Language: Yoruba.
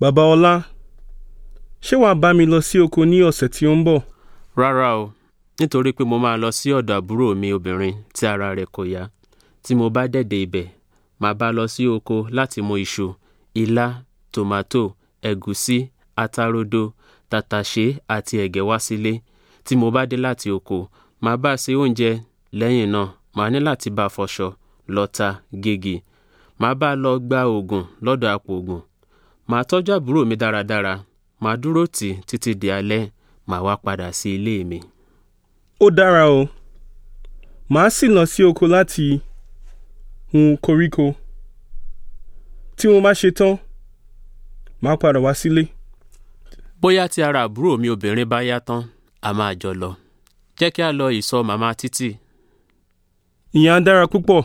Bàbá Ọlá, ṣé wàá bá mi lọ sí oko ní ọ̀sẹ̀ tí ó ń bọ̀? Rárá o, nítorí pé mo máa lọ sí ọ̀dọ̀ àbúrò mi obìnrin tí ara rẹ̀ kò yá. Tí mo bá dẹ̀ dé ibẹ̀, màá bá lọ sí oko láti mú iṣu, ilá, tòmátò, ẹ̀gúsí, ata rodo, tàtàṣé àti ẹ̀gẹ́ wá sílé. Tí mo bá dé láti oko, màá bá a se oúnjẹ. Lẹ́yìn náà, màá ní láti bá fọṣọ, lọta, gégi. Màá bá lọ gba òògùn lọ́dọ̀ apòògùn màá tọ́jú àbúrò mi dáradára màá dúró tì títí di alẹ́ màá wá padà sí ilé mi. ó dára o màá sì lọ sí oko láti hun koríko tí mo bá ṣe tán màá padà wá sílé. bóyá tí ara àbúrò mi obìnrin bá yá tán a máa jọ lọ jẹ́ kí a lọ ìsọ̀ màmá títì. ìyẹn á dára púpọ̀.